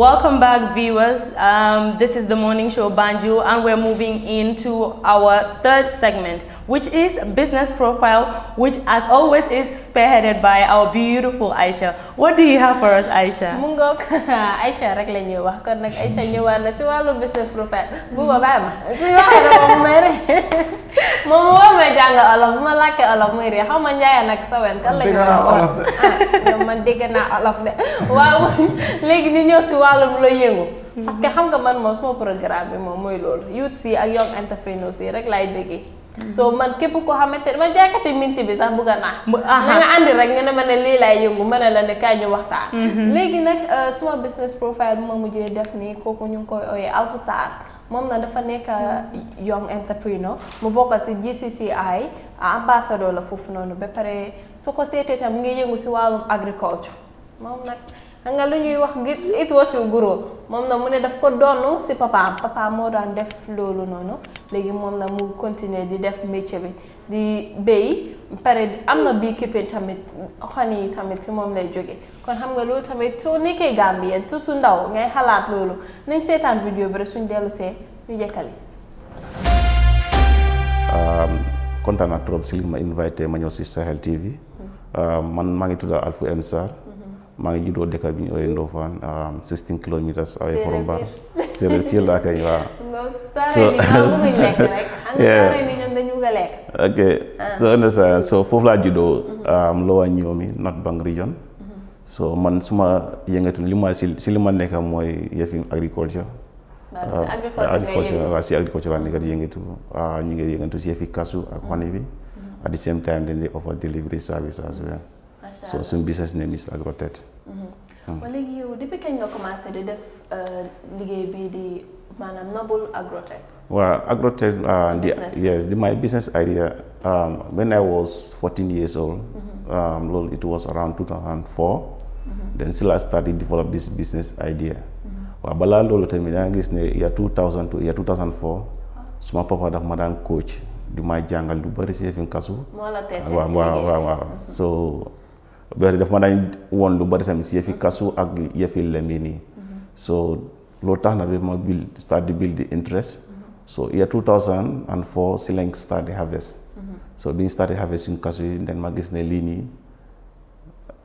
Welcome back viewers. Um, this is the morning show Banjo and we're moving into our third segment which is business profile, which as always is spearheaded by our beautiful Aisha. What do you have for us, Aisha? Mungok, Aisha rek la ñuy wax kon nag Aisha ñëwaat na si wàllu business profile bu ba baax ma su ñu waxee ne moom may rek moom mu war may jàng olof bu ma làkkee olof muy rek xaw ma njaayee nag sa wen kan la ñu wax ah man dégg naa olof de waaw léegi ñu ñëw si wàllum looy yëngu. parce que xam nga man moom suma programme bi moom mooy loolu youth si ak young entrepreneurs yi rek laay bëggee. soo man képp koo xamante ne man jaaykati minti bi sax bugg a naa na nga àndi rek nga ne ma ne lii laay yëngu ma a la ne kaay ñu waxtaan mhm. léegi nag euh, suma business profile bu ma mujjee def nii kooku ñu ngi koy ooyee Alpha Sarr moom na dafa nekk euh, young entrepreneur mu bokk si GCCI ah, ambassadeur la foofu noonu ba pare su ko seetee tam ngi yëngu si wàllum agriculture moom nag xam nga lu ñuy wax it watu guro moom na mu ne daf ko donn si papaam papa moo daan def loolu noonu léegi moom na mu continuer di def métier bi di béy pare am na beekeeping tamit xon yi tamit si moom lay jóge kon xam nga loolu tamit soo nekkee Gambien surtout ndaw ngay xalaat loolu nañ seetaan vidéo bi suñ dellu see ñu jekkali kontaan naa trop si li ma invité ma ñëw si Sahel TV mm. man maa ngi tudd Alfu M maa ngi juddoo dëkk bi ñu ooyee Ndofane 16 kilometers away from Banff séeréer fii laa koy waaw. so ok ah. so understand so foofu laa juddoo. Mhm. Lower Niomi North Bank region. Mhm. so man suma yëngatu li ma si si li ma nekk mooy yëfi agriculture. Ah, ah, agriculture waaw si agriculture laa nekk di yëngatu ñu ngi yëngatu si yëfi kasu ak xone mhm. bi. at the same time dañ lay offer delivery service as well So, sun business name is Agrotech. ba léegi yow depuis kañ nga commencé di def liggéey bi di manam Noble Agrotech. wa Agrotech. yes di my business idea um, when I was 14 years old. Mm-hmm. um, it was around 2004. Mm-hmm. then still I started develop this business idea. Mm-hmm. wa bala lolu tamit da nga gis ne ya 2000 to ya 2004 suma papa daf ma daan coach di ma jàngal lu bëri si yëfin kasu. mo la tete wa wa wa so. bari daf ma daañ woon lu bari tamit si yëfi kasu ak yëfi lem yi nii so loolu tax na bi ma build start di build the interest so year 2004 si lañ start di harvest so bi ñu start di harvest kasu yi den ma gis ne lii nii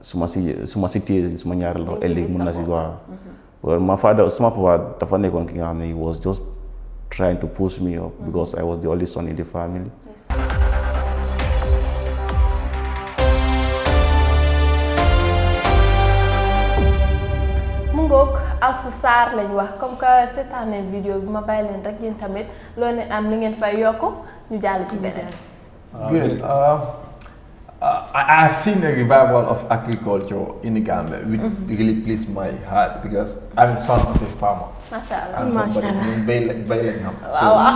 su ma si su ma si téye su ma ñaari loxo ëllëg mun na si waaw well my father suma papa dafa nekkoon ki nga xam ne he was just trying to push me up mhm. because I was the only son in the family Alpha Sarr lañ wax comme que seetaan nañ vidéo bi ma bàyyi leen rek yéen tamit loolu leen am li ngeen fay yokk ñu jàll ci beneen. Ah, good uh, I have seen a revival of agriculture in Gambia which mm really pleased my heart because I'm son of a farmer. macha allah macha allah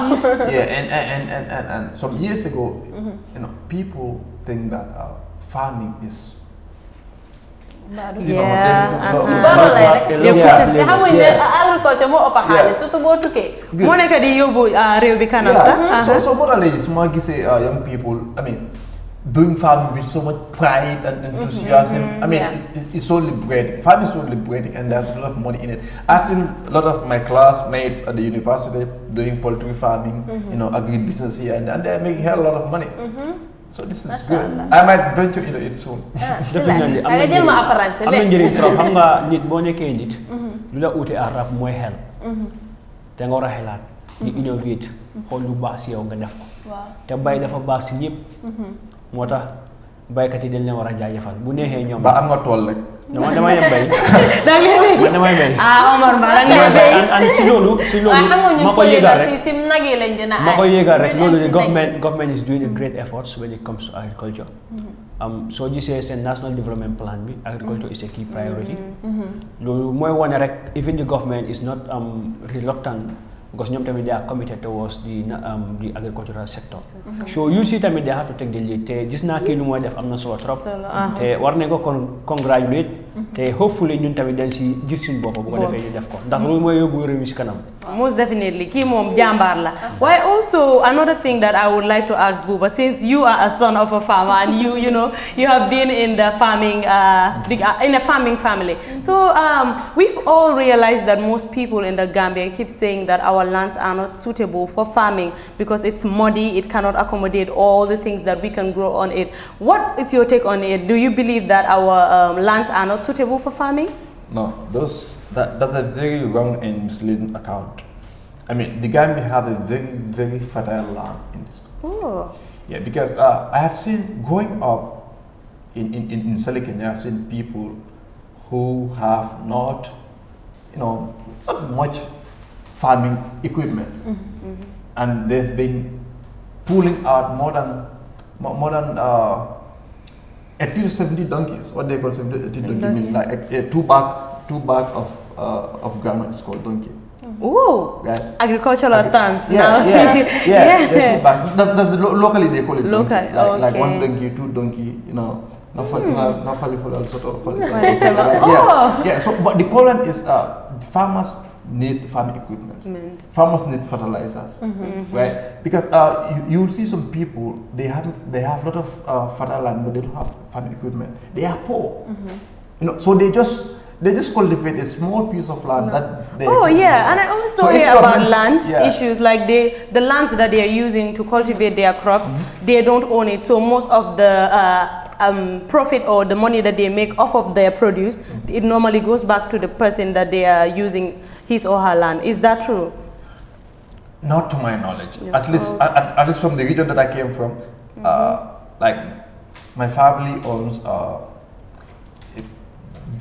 some years ago. Mm-hmm. people think that uh, farming is. xamuñ ne eh, agriculture moo ëpp xaalis surtout boo tukkee moo nekk di yóbbu ah, réew bi kanam mhm. so so what are su ma gisee ah, young people I mean doing farming with so much pride and mhm. enthusiasm I mean yeah. it's, it's only bread farming is only bread and there's a lot of money in it I've a lot of my classmates at the university doing poultry farming mm -hmm. here and, and they're making a lot of money mhm. so this is good I might venture into it soon. Ah, am na njëriñ trop xam nga nit boo nekkee nit. Mhm. lu la uute ak rab mooy xel. Mhm. te nga war a xelaat. di mhm. innovate xool lu baax si yow nga def ko. te bay dafa baax si ñëpp. moo tax. baykat yi dañ leen war a jaajëfal bu neexee ñoom. ba am nga tool rek. non man damay dem bay. da ngay bay man damay bay. ah Omar Ba loolu. si a ma koy yëgal rek loolu government government is doing a mm-hmm. great effort when it comes to agriculture. Mm-hmm. Um, soo gisee seen national development plan bi agriculture is a key priority. Mm-hmm. loolu mooy wone rek even the government is not um, reluctant. because ñoom tamit they are committed towards the the um, agricultural sector. Mhm. so you see tamit they have to take the te gis naa kii lu mooy def am na solo trop. te ah. war nañ ko con congratulate. Mhm. te hopefully ñun tamit dañ si gis suñu bopp bu ko defee ñu def ko ndax mi kanam. most definitely kii moom jàmbaar la. also another thing that I would like to ask Buba since you are a son of a farmer and you you know you have been in the farming uh, uh, in a farming family so um, we've all realized that most people in the Gambia keep saying that our lands are not suitable for farming because it's muddy it cannot accommodate all the things that we can grow on it what is your take on it do you believe that our um, lands are not suitable for farming? No, those that, that's a very wrong and misleading account. I mean, the guy may have a very, very fertile land in this country. Ooh. Yeah, because uh, I have seen growing up in, in, in, in Silicon, I have seen people who have not, you know, not much farming equipment. Mm -hmm. And they've been pulling out more than, more than uh, 80 to 70 donkeys. What they call 70 80 donkey, mean like a, a, two back two back of uh, of granite is called donkey. Oh, right. agricultural Agri terms. Yeah, now. yeah, yeah. yeah. yeah. That's, that's lo locally they call it. Local, donkey. Like, okay. like one donkey, two donkey. You know, not for, hmm. not, not for, for all sort of. For, yeah, yeah. So, but the problem is, uh, farmers need farm equipment. Farmers need fertilizers, mm -hmm. right? Because uh, you, will see some people they have they have a lot of uh, fertile land, but they don't have farm equipment. They are poor, mm -hmm. you know. So they just they just cultivate a small piece of land no. Mm-hmm. that they oh yeah and i also so hear about land yeah. issues like the the lands that they are using to cultivate their crops mm -hmm. they don't own it so most of the uh, um, profit or the money that they make off of their produce, mm -hmm. it normally goes back to the person that they are using his or her land. Is that true? Not to my knowledge. At least, oh. at, at, least from the region that I came from, mm -hmm. uh, like my family owns uh, a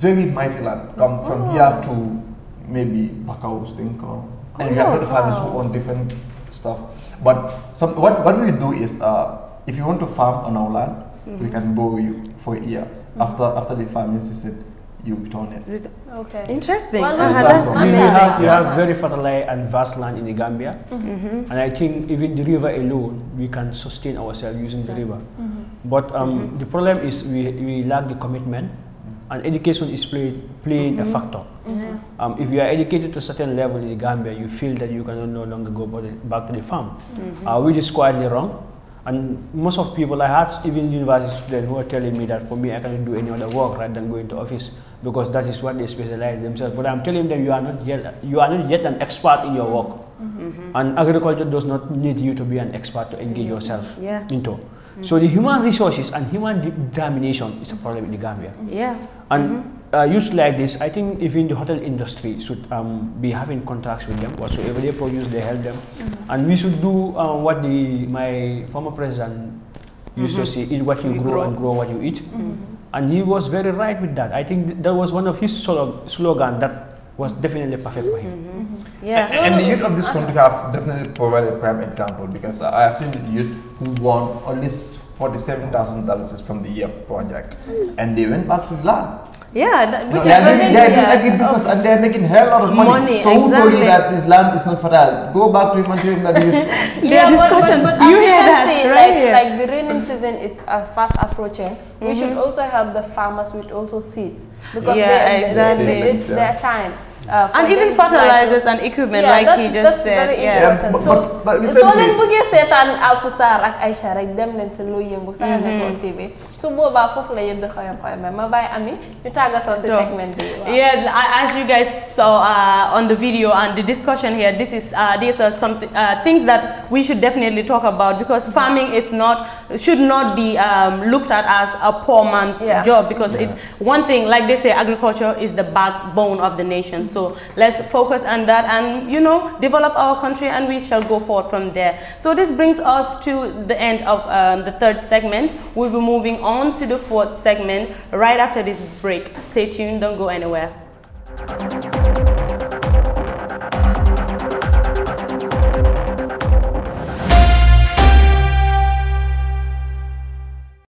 very mighty land. Come oh. from here to maybe Bakau thing, or oh, and we have other families wow. who own different stuff. But some, what what we do is, uh, if you want to farm on our land, mm -hmm. we mm-hmm. can borrow you for a year. Mm -hmm. After after the farming season, you on it. Okay. Interesting. Well, uh -huh. you, have, you have very fertile and vast land in the Gambia. Mm -hmm. And I think even the river alone, we can sustain ourselves using exactly. the river. Mm -hmm. But um, mm -hmm. the problem is we, we lack the commitment and education is played, played mm -hmm. a mm-hmm. factor. Um, if you are educated to a certain level in Gambia, you feel that you can no longer go back to the farm. Mm -hmm. Are uh, we just quietly wrong? And most of people, I had even university students who are telling me that for me, I cannot do any other work rather than going to office because that is what they specialize themselves. But I'm telling them you are not yet, you are not yet an expert in your work. Mm -hmm. And agriculture does not need you to be an expert to engage yourself yeah. into. Mm-hmm. So the human resources and human determination is a problem in the Gambia. Yeah. And mm -hmm uh, used like this, I think even the hotel industry should um, be having contracts with them. Whatsoever they produce, they help them. Mm -hmm. And we should do uh, what the my former president used mm -hmm. to mm-hmm. say, eat what you, you grow, grow, and grow what you eat. Mm -hmm. And he was very right with that. I think th that was one of his slogan that was definitely perfect for him. Mm-hmm. Mm-hmm. Yeah. And, and, the youth of this country have definitely provided a prime example because I have seen youth who won least $47,000 from the year project and they went back to the land yeah, which they, are making, they're yeah, and they're making hell lot of money. money so who told you that land is not fertile? Go back to him and tell him that you yeah, discussion. But, but, as you can that, see, right? Like, like the raining season is uh, fast approaching. Mm -hmm. We should mm-hmm. also help the farmers with also seeds because yeah, they, exactly. they, it's their time. Uh, and even fertilizers and equipment, yeah, like that's, he just that's said. Very yeah, important. yeah but, but, but so leen bëggee seetaan Alfoussar ak Aïcha rek dem leen si loo yëngu Sahel mm-hmm. Network TV su boobaa foofu la yëpp di xoyam xoyam ma bàyyi Ami ñu tàggatoo si segment bi. Yeah, as you guys saw uh, on the video and the discussion here, this is uh, these are some uh, things that we should definitely talk about because mm-hmm. farming it's not should not be um, looked at as a poor man's yeah. job because yeah. it's one thing like they say agriculture is the backbone of the nation. So so let's focus on that and, you know, develop our country and we shall go forward from there. So this brings us to the end of um, the third segment. We'll be moving on to the fourth segment right after this break. Stay tuned, don't go anywhere.